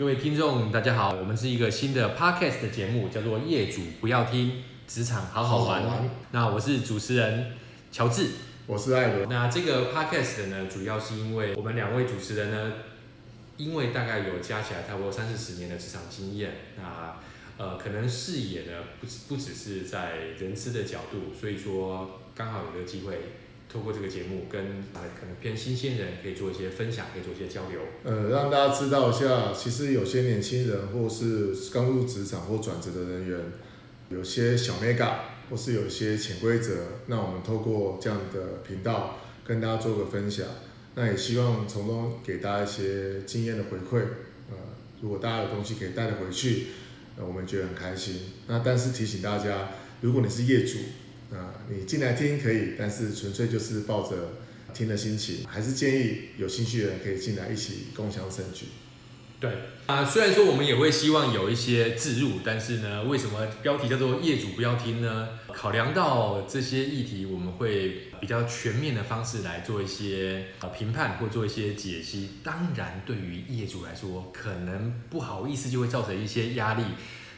各位聽眾，大家好，我們是一個新的 podcast 的節目，叫做《業主不要聽職場好好玩》。好好玩。那我是主持人喬治，我是艾倫。那這個 podcast 呢，主要是因為我們兩位主持人呢，因為大概有加起來差不多三四十年的職場經驗，那呃，可能視野呢，不不只是在人事的角度，所以說剛好有個機會。透過這個節目跟，跟可能偏新鮮人可以做一些分享，可以做一些交流，呃，讓大家知道一下，其實有些年輕人或是剛入職場或轉職的人員，有些小眉角或是有些潛規則，那我們透過這樣的頻道跟大家做個分享，那也希望從中給大家一些經驗的回饋。呃，如果大家有東西可以帶得回去，那、呃、我們覺得很開心。那但是提醒大家，如果你是業主。啊，你進來聽可以，但是純粹就是抱着聽的心情，還是建議有興趣的人可以進來一起共襄盛舉。對，啊，雖然說我們也會希望有一些置入，但是呢，為什麼標題叫做業主不要聽呢？考量到這些議題，我們會比較全面的方式來做一些呃評判或做一些解析。當然，對於業主來說，可能不好意思就會造成一些壓力。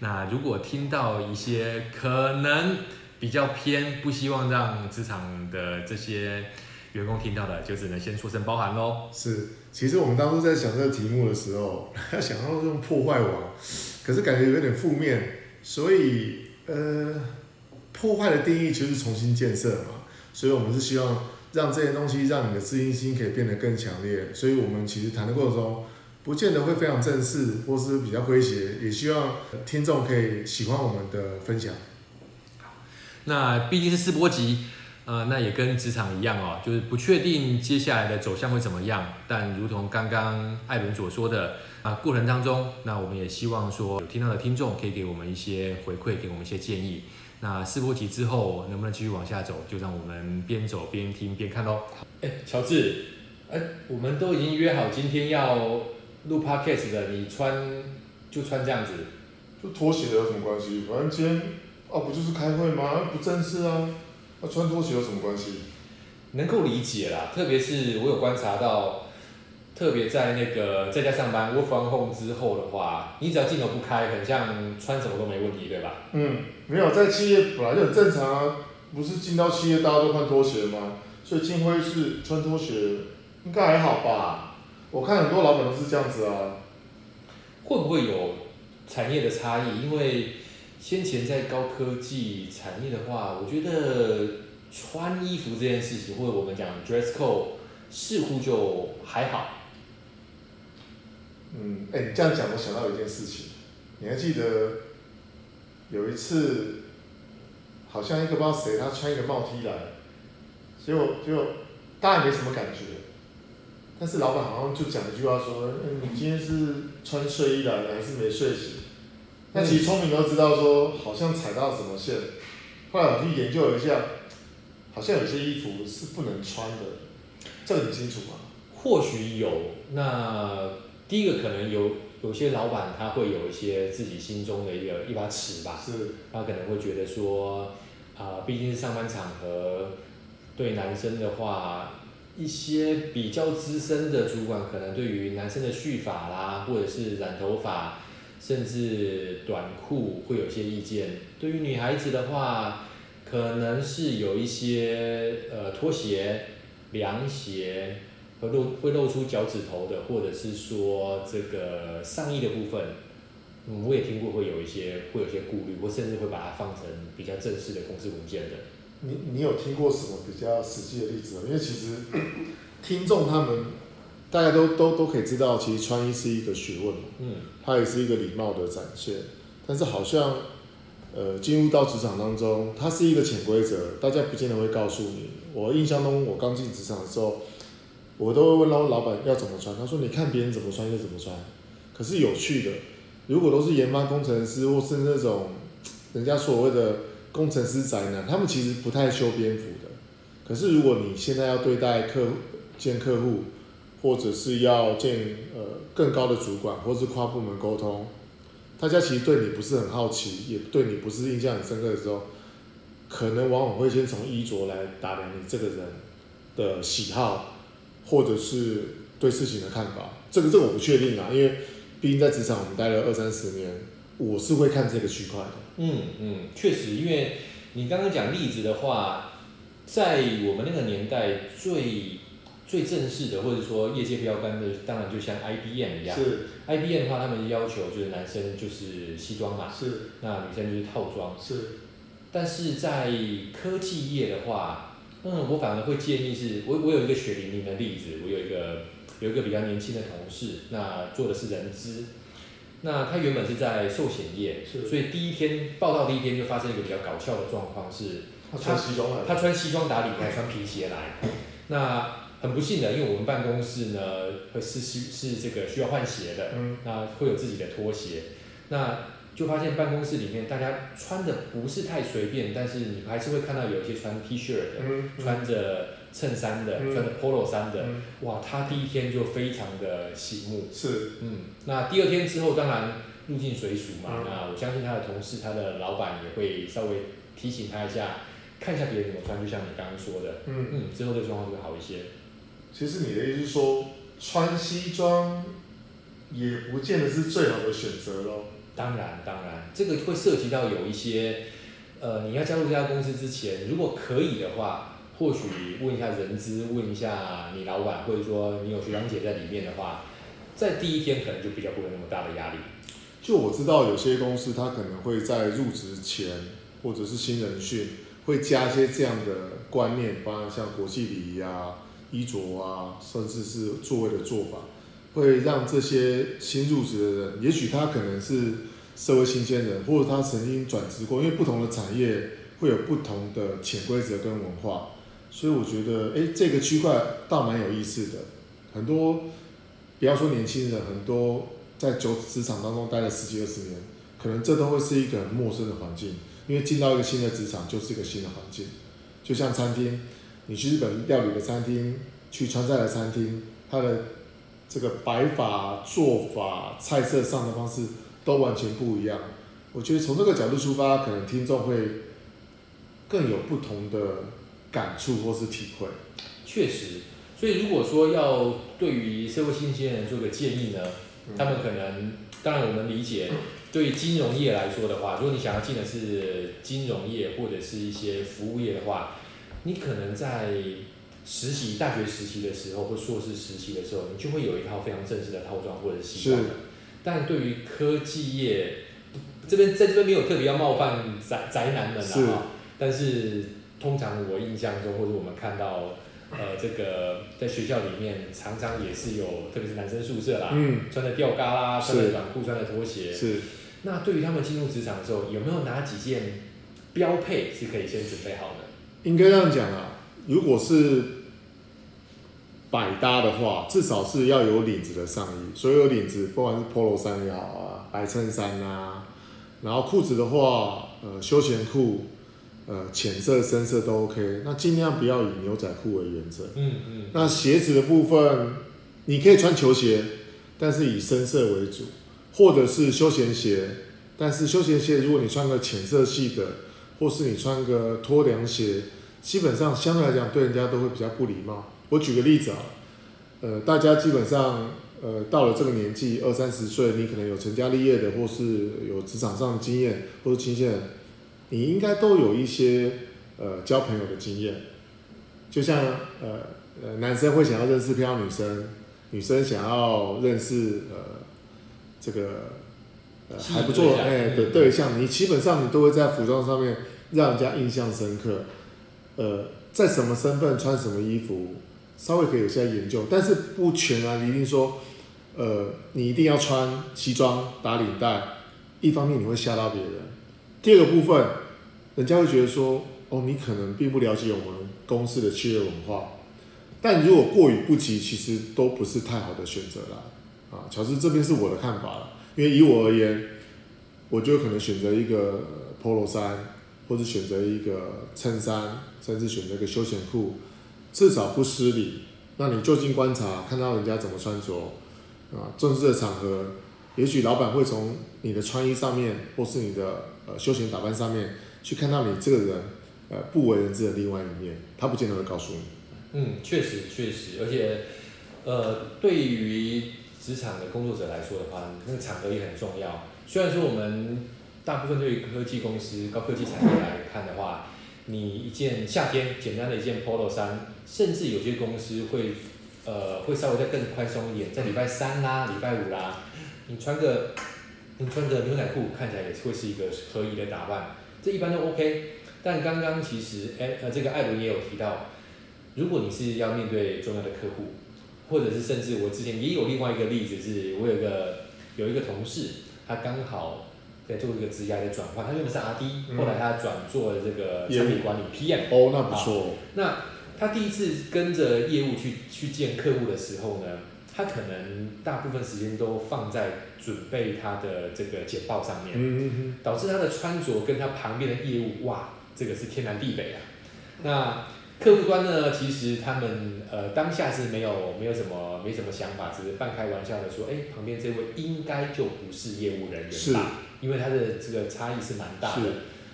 那如果聽到一些可能。比較偏不希望讓職場的這些員工聽到的，就只能先說聲包涵嘍。是，其實我們當初在想這個題目的時候，想要用破壞王，可是感覺有點負面，所以呃，破壞的定義其實是重新建設嘛，所以我們是希望讓這些東西讓你的自信心可以變得更強烈。所以我們其實談的過程中，不見得會非常正式，或是比較詼諧，也希望聽眾可以喜歡我們的分享。那畢竟是試播集，呃，那也跟職場一樣哦，就是不確定接下來的走向會怎麼樣。但如同剛剛艾倫所說的，啊，過程當中，那我們也希望說，有聽到的聽眾可以給我們一些回饋，給我們一些建議。那試播集之後能不能繼續往下走，就讓我們邊走邊聽邊看咯。誒、欸，喬治，哎、欸，我們都已經約好今天要錄 podcast 了，你穿就穿這樣子，就拖鞋的有什麼關係？反正今天。那、啊、不就是開會嗎？啊、不正式啊，那、啊、穿拖鞋有什麼關係？能夠理解啦，特別是我有觀察到，特別在那個在家上班，如果 r k 之後的話，你只要鏡頭不開，很像穿什麼都沒問題，對吧？嗯，沒有在企業本來就很正常啊，不是進到企業大家都穿拖鞋嗎？所以金輝是穿拖鞋，應該還好吧？我看很多老闆都是這樣子啊。會不會有產業的差異？因為先前在高科技產業的話，我覺得穿衣服這件事情，或者我們講 dress code，似乎就還好。嗯，哎、欸，你這樣講，我想到一件事情，你還記得有一次，好像一個不知道誰，他穿一個帽 t 來，所以我就，大家也沒什麼感覺，但是老板好像就講一句話說、欸：“你今天是穿睡衣來的，你還是沒睡醒。”那其實聰明都知道說，好像踩到什麼線。後來我去研究了一下，好像有些衣服是不能穿的，這個很清楚嗎？或許有。那第一個可能有，有些老板他會有一些自己心中的一個一把尺吧，是。他可能會覺得說，啊，呃，畢竟是上班場合，對男生的話，一些比較資深的主管可能對於男生的蓄髮啦，或者是染頭髮。甚至短褲會有一些意見，對於女孩子的話，可能是有一些呃拖鞋、涼鞋會露會露出腳趾頭的，或者是說這個上衣的部分，嗯，我也聽過會有一些會有些顧慮，我甚至會把它放成比較正式的公司文件的。你你有聽過什麼比較實際的例子？因為其實呵呵聽眾他們。大家都都都可以知道，其實穿衣是一個學問嘛，嗯，它也是一個禮貌的展現。但是好像，呃，進入到職場當中，它是一個潛規則，大家不見得會告訴你。我印象中，我剛進職場的時候，我都會問老老闆要怎麼穿，他說：“你看別人怎麼穿就怎麼穿。”可是有趣的，如果都是研發工程師或是那種人家所謂的工程師宅男，他們其實不太修邊幅的。可是如果你現在要對待客見客戶，或者是要見呃、更高的主管，或是跨部門溝通，大家其實對你不是很好奇，也對你不是印象很深刻的時候，可能往往會先從衣着來打量你這個人的喜好，或者是對事情的看法。這個這個我不確定啊，因為畢竟在職場我們待了二三十年，我是會看這個區塊的。嗯嗯，確實，因為你剛剛講例子的話，在我們那個年代最。最正式的，或者說業界標杆的，當然就像 IBM 一樣。是。IBM 的話，他們要求就是男生就是西裝嘛。是。那女生就是套裝。是。但是在科技業的話，嗯，我反而會建議是，我我有一個血淋淋的例子，我有一個有一個比較年輕的同事，那做的是人資，那他原本是在壽險業，是所以第一天報到第一天就發生一個比較搞笑的狀況是他，他穿西裝了，他穿西裝打領帶，還穿皮鞋來，那。很不幸的，因為我們辦公室呢是需是這個需要換鞋的，嗯、那會有自己的拖鞋，那就發現辦公室裡面大家穿的不是太隨便，但是你還是會看到有一些穿 T 恤的，嗯、穿着襯衫的，嗯、穿着 Polo 衫的，嗯、哇，他第一天就非常的醒目。是，嗯，那第二天之後，當然入境隨俗嘛，嗯、那我相信他的同事，他的老闆也會稍微提醒他一下，看一下別人怎麼穿，就像你剛剛說的，嗯嗯，之後這個狀況就會好一些。其實你的意思是說，穿西裝也不見得是最好的選擇咯。當然，當然，這個會涉及到有一些，呃，你要加入這家公司之前，如果可以的話，或許問一下人資，問一下你老闆，或者說你有學長姐在裡面的話，在第一天可能就比較不會那麼大的壓力。就我知道，有些公司他可能會在入職前或者是新人訓會加一些這樣的觀念，包括像國際禮儀啊。衣着啊，甚至是座位的做法，會讓這些新入職的人，也許他可能是社會新鮮人，或者他曾經轉職過，因為不同的產業會有不同的潛規則跟文化，所以我覺得，誒，這個區塊倒蠻有意思的。很多不要說年輕人，很多在舊職場當中待了十幾二十年，可能這都會是一個很陌生的環境，因為進到一個新的職場就是一個新的環境，就像餐廳。你去日本料理的餐廳，去川菜的餐廳，它的這個擺法、做法、菜色上的方式都完全不一樣。我覺得從這個角度出發，可能聽眾會更有不同的感觸或是體會。確實，所以如果說要對於社會新鮮人做個建議呢，嗯、他們可能當然我們理解，嗯、對於金融業來說的話，如果你想要進的是金融業或者是一些服務業的話。你可能在實習、大學實習的時候，或碩士實習的時候，你就會有一套非常正式的套裝或者西裝。是但對於科技業這邊，在這邊沒有特別要冒犯宅宅男們啊。是。但是通常我印象中，或者我們看到，呃，這個在學校裡面常常也是有，特別是男生宿舍啦，嗯，穿的吊嘎啦，穿的短褲，是穿的拖鞋。是。那對於他們進入職場的時候，有沒有哪幾件標配是可以先準備好的？應該這樣講啊，如果是百搭的話，至少是要有領子的上衣，所有領子，不管是 polo 衫也好啊，白襯衫啊，然後褲子的話，呃，休閒褲，呃，淺色、深色都 OK，那盡量不要以牛仔褲為原則。嗯。嗯嗯。那鞋子的部分，你可以穿球鞋，但是以深色為主，或者是休閒鞋，但是休閒鞋如果你穿個淺色系的，或是你穿個拖涼鞋。基本上相對來講，對人家都會比較不禮貌。我舉個例子啊，呃，大家基本上，呃，到了這個年紀，二三十歲，你可能有成家立業的，或是有職場上的經驗，或是親戚的，你應該都有一些呃交朋友的經驗。就像呃呃，男生會想要認識漂亮女生，女生想要認識呃這個呃還不錯哎的對象，你基本上你都會在服裝上面讓人家印象深刻。呃，在什麼身份穿什麼衣服，稍微可以有些研究，但是不全然，一定說，呃，你一定要穿西裝打領帶，一方面你會嚇到別人，第二個部分，人家會覺得說，哦，你可能並不了解我們公司的企業文化，但如果過於不及，其實都不是太好的選擇了，啊，喬治這邊是我的看法了，因為以我而言，我就可能選擇一個 Polo 衫。呃 Pol 或者選擇一個襯衫，甚至選擇一個休閒褲，至少不失禮。讓你就近觀察，看到人家怎麼穿着，啊，正式的場合，也許老闆會從你的穿衣上面，或是你的呃休閒打扮上面，去看到你這個人呃不為人知的另外一面，他不見得會告訴你。嗯，確實確實，而且呃，對於職場的工作者來說的話，那個場合也很重要。雖然說我們。大部分對於科技公司、高科技產業來看的話，你一件夏天簡單的一件 Polo 衫，甚至有些公司會，呃，會稍微再更寬鬆一點，在禮拜三啦、禮拜五啦，你穿個你穿個牛仔褲看起來也是會是一個合宜的打扮，這一般都 OK。但剛剛其實，哎、欸，呃，這個艾倫也有提到，如果你是要面對重要的客戶，或者是甚至我之前也有另外一個例子是，是我有一個有一個同事，他剛好。在做一個職業的轉換，他用的是 RD，、嗯、後來他轉做了這個產品管理 PMO、哦。那不錯、嗯。那他第一次跟着業務去去見客戶的時候呢，他可能大部分時間都放在準備他的這個簡報上面，嗯、哼導致他的穿着跟他旁邊的業務，哇，這個是天南地北啊。那客戶端呢，其實他們呃當下是沒有沒有什麼沒什麼想法，只是半開玩笑的說，哎、欸，旁邊這位應該就不是業務人員吧？是因為它的這個差異是蠻大的，是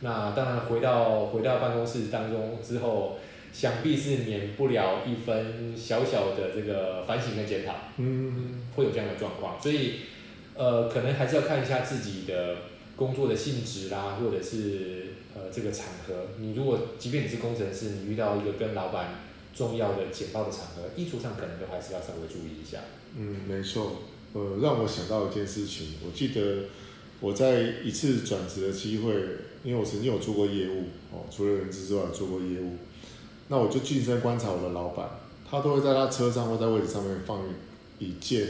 那當然回到回到辦公室當中之後，想必是免不了一分小小的這個反省跟檢討，嗯，會有這樣的狀況，所以呃，可能還是要看一下自己的工作的性質啦，或者是呃這個場合，你如果即便你是工程師，你遇到一個跟老闆重要的簡報的場合，衣着上可能都還是要稍微注意一下。嗯，沒錯，呃，讓我想到一件事情，我記得。我在一次轉職的機會，因為我曾經有做過業務哦，除了人資之、之外做過業務。那我就近身觀察我的老闆，他都會在他車上或在位置上面放一件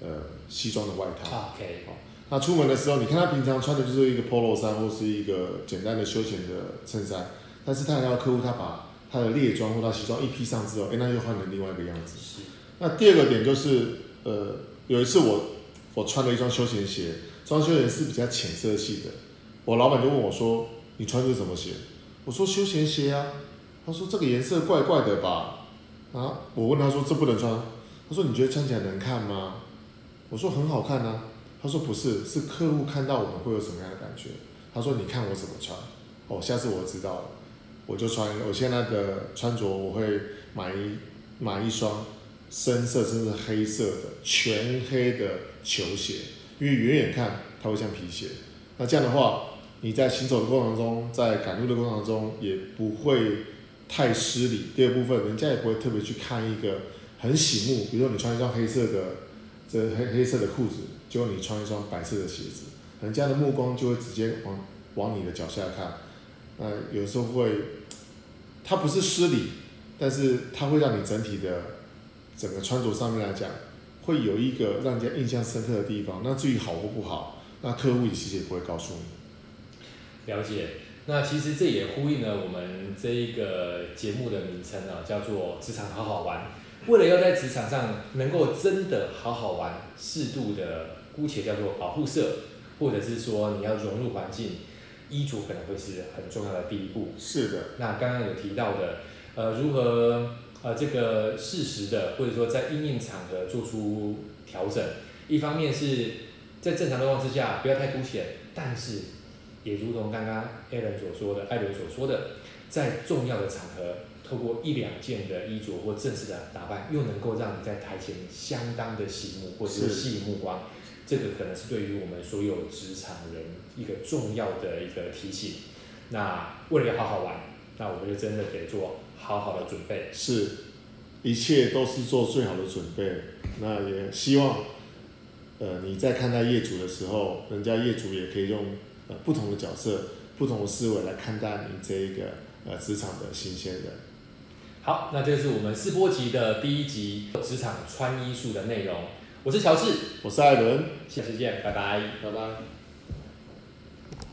呃西裝的外套 Okay.、哦。那出門的時候，你看他平常穿的就是一個 Polo 衫，或是一個簡單的休閒的襯衫，但是他很多客戶，他把他的列裝或他西裝一披上之後，誒、欸，那又換成另外一個樣子。是那第二個點就是，呃，有一次我我穿了一雙休閒鞋。裝修也是比較淺色系的，我老板就問我說：“你穿的是什麼鞋？”我說：“休閒鞋啊。”他說：“這個顏色怪怪的吧？”啊，我問他說：“這不能穿。”他說：“你覺得穿起來能看嗎？”我說：“很好看吶、啊。”他說：“不是，是客戶看到我們會有什麼樣的感覺。”他說：“你看我怎麼穿。”哦，下次我知道了，我就穿我現在的穿着，我會買一買一雙深色甚至黑色的全黑的球鞋。因為遠遠看它會像皮鞋，那這樣的話，你在行走的過程中，在趕路的過程中，也不會太失禮。第二部分，人家也不會特別去看一個很醒目，比如說你穿一雙黑色的這黑黑色的褲子，就你穿一雙白色的鞋子，人家的目光就會直接往往你的腳下看。那有時候會，它不是失禮，但是它會讓你整體的整個穿着上面來講。會有一個讓人家印象深刻的地方，那至於好或不好，那客戶其實也不會告訴你。了解，那其實這也呼應了我們這一個節目的名稱啊，叫做《職場好好玩》。為了要在職場上能夠真的好好玩，適度的姑且叫做保護色，或者是說你要融入環境，衣着可能會是很重要的第一步。是的，那剛剛有提到的，呃，如何，呃，這個適時的，或者說在因應場合做出調整，一方面是在正常狀況之下不要太凸顯，但是也如同剛剛艾倫所說的，艾倫所說的，在重要的場合，透過一兩件的衣着或正式的打扮，又能夠讓你在台前相當的醒目或者是吸引目光，是這個可能是對於我們所有職場人一個重要的一個提醒。那為了要好好玩。那我們就真的得做好好的準備，是，一切都是做最好的準備。那也希望，呃，你在看待業主的時候，人家業主也可以用呃不同的角色、不同的思維來看待你這一個呃職場的新鮮人。好，那這是我們試播集的第一集職場穿衣術的內容。我是喬治，我是艾倫，下次見，拜拜，拜拜。